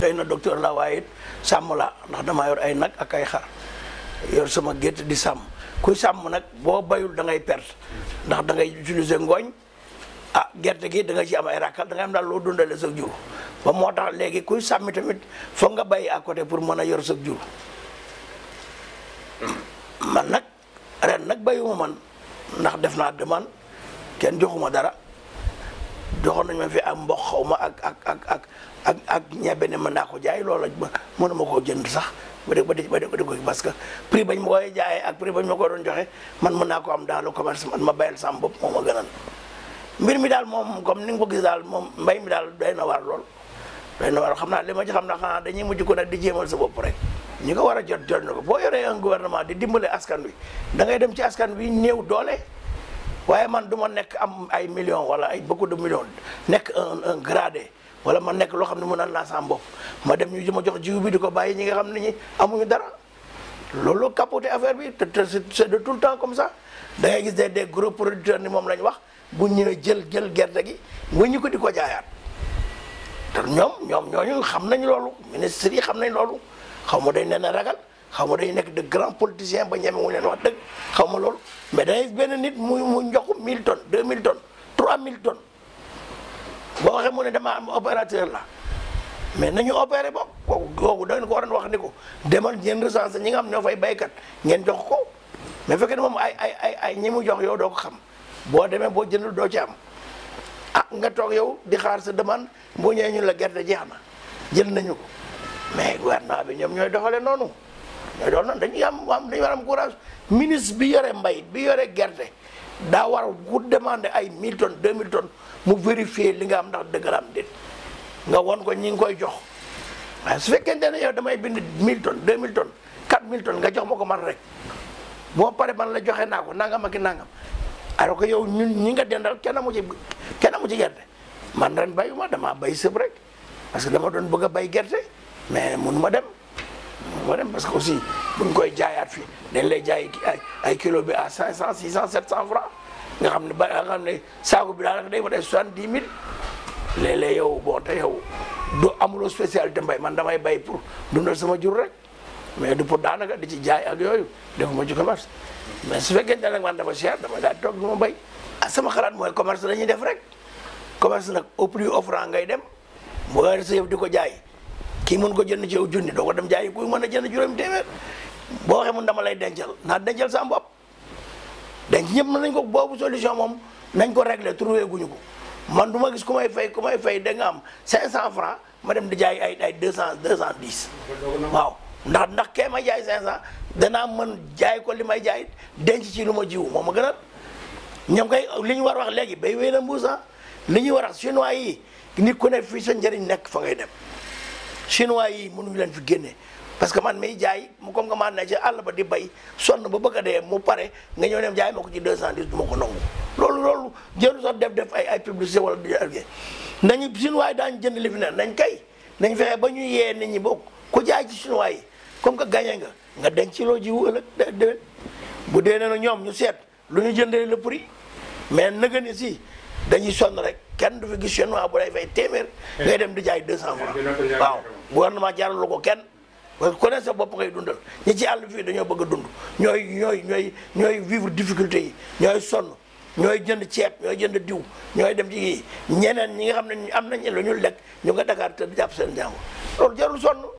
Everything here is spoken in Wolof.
doy na docteur la waaye it sàmm la ndax damaa yor ay nag ak ay xar yor sama gerte di sàmm kuy sàmm nag boo bayul da ngay perte ndax dangay ngay ngooñ ah gerte gi da nga ci am ay rakkal da am daal loo dundale sa jur ba moo tax léegi kuy sàmmi tamit foog nga bay à côté pour mën a yor sag jur man nag ren nag bayuma man ndax def naa demande kenn joxuma dara joxoon nañ ma fi xaw ma ak ak ak ak ak ak ñebe ne mën naa ko jaay loola mënuma koo jënd sax ba dé ba dé ba ko parce que prix bañ ma koy jaayee ak prix bañ ma ko doon joxe man mën naa ko am dans le commerce ma bayal sam bopp moo ma gënal mbir mi daal moom comme ni nga ko gis daal moom mbay mi daal doy na waar lool doy na waar xam naa li ma ci xam na xanaa dañuy mujj ko nag di jéemal sa bopp rek ñi ko war a jot jot na ko boo yoree un gouvernement di dimbale askan wi da dem ci askan wi néew doole waaye man du ma nekk am ay millions wala ay beaucoup de millions nekk un un gradé wala ma nekk loo xam ne mën naan laa sama bopp ma dem ñu ma jox jiw bi di ko bàyyi ñi nga xam ne ñu amuñu dara loolu capote affaire bi te c'est de tout le temps comme ça da ngay gis des des gros producteurs ni moom la ñu wax bu ñu ñëwee jël jël gerte gi wëññi ko di ko jaayaat te ñoom ñoom ñooñu xam nañ loolu ministres yi xam nañ loolu xaw ma dañ leen a ragal. xaw ma dañu nekk de grand politicien ba ñeme wu leen wax dëgg xaw ma loolu mais da benn nit muy mu njoxu 1000 tonnes 2000 tonnes 3000 tonnes boo waxee mu ne dama am opérateur la mais nañu opere boo kooku kooku da ngeen ko waroon wax ni ko demal ngeen recensé ñi nga xam ñoo fay baykat ngeen jox ko mais fekkee ne moom ay ay ay ay ñi mu jox yow doo ko xam boo demee boo jëndul doo ci am ah nga toog yow di xaar sa demande boo ñëwee ñu la gerte jeex na jël nañu ko mais gouvernement bi ñoom ñooy doxale noonu ñooy doon nag dañuy am am dañu war am courage ministre bi yore mbay bi yore gerte daa war a ku demander ay 1000 tonnes 2000 tonnes mu vérifier li nga am ndax dëgg la nga won ko ñi ngi koy jox waaye su fekkente ne yow damay bind milton tonnes 2000 tonnes 4000 tonnes nga jox ma ko man rek boo pare man la joxe naa ko nangam ak nangam alors que yow ñun ñi nga dendal kenn amu ci kenn amu ci gerte man ren bayuma damaa bay sëb rek parce que dama doon bëgg a bay gerte mais mënu ma dem. moo dem parce que aussi buñ koy jaayaat fii dañ lay jaay ay ay kilo bi à 500 600 700 francs nga xam ne ba nga xam ne saako bi daanaka day fa ay 70 000 léeg-léeg yow boo te yow du amuloo spécialité mbay man damay bay pour dundal sama jur rek mais du pour daanaka di ci jaay ak yooyu defuma ci commerce mais su fekkee ne nag man dafa cher dama daal toog du ma bay ah sama xalaat mooy commerce la ñuy def rek commerce nag au plus offrant ngay dem boo sa yëf di ko jaay. kii mën ko jënd ci yow junni doo ko dem jaayi kuy mën a jënd juróomi téeméer boo xamul dama lay dencal naa dencal sa bopp denc ñëpp mën nañ ko boobu solution moom nañ ko régler trouvé guñu ko man du ma gis ku may fay ku may fay da nga am 500 francs ma dem di jaay ay ay 200 210 waaw ndax ndax kee may jaay 500 danaa mën jaay ko li may jaay denc ci lu ma jiwu moom ma gënal ñoom kay li ñu war wax léegi bay wéy na mbuusa ah. li ñuy war wax chinois yi nit ku ne fii sa njëriñ nekk fa ngay dem chinois yi mënuñu leen fi génne parce que man miy jaay mu comme que maa na ci àll ba di bay sonn ba bëgg a dee mu pare nga ñëw ne jaay ma ko ci 210 du loolu loolu jëru sax def def ay ay publicité wala du ñu nañu chinois daan daañu jënd li fi ne nañ kay nañ fexe ba ñu yee nit ñi bokk ku jaay ci chinois yi comme que gagné nga nga denc ci loo jiwu ëllëg déwén bu dee na ñoom ñu seet lu ñu jëndee le prix mais nëgë ni si dañuy sonn rek kenn du fi gis chinois bu lay fay téeméer eh. ngay dem di jaay 200 francs eh, gouvernement jaaralu ko kenn parce que ku ne sa bopp ngay dundal ñi ci àll fii dañoo bëgg dund ñooy ñooy ñooy ñooy vivre difficulté yi ñooy sonn ñooy jënd ceeb ñooy jënd diw ñooy dem ci ñeneen ñi nga xam ne am nañ lu ñu lekk ñu nga Dakar te jàpp seen jàmm loolu jarul sonn.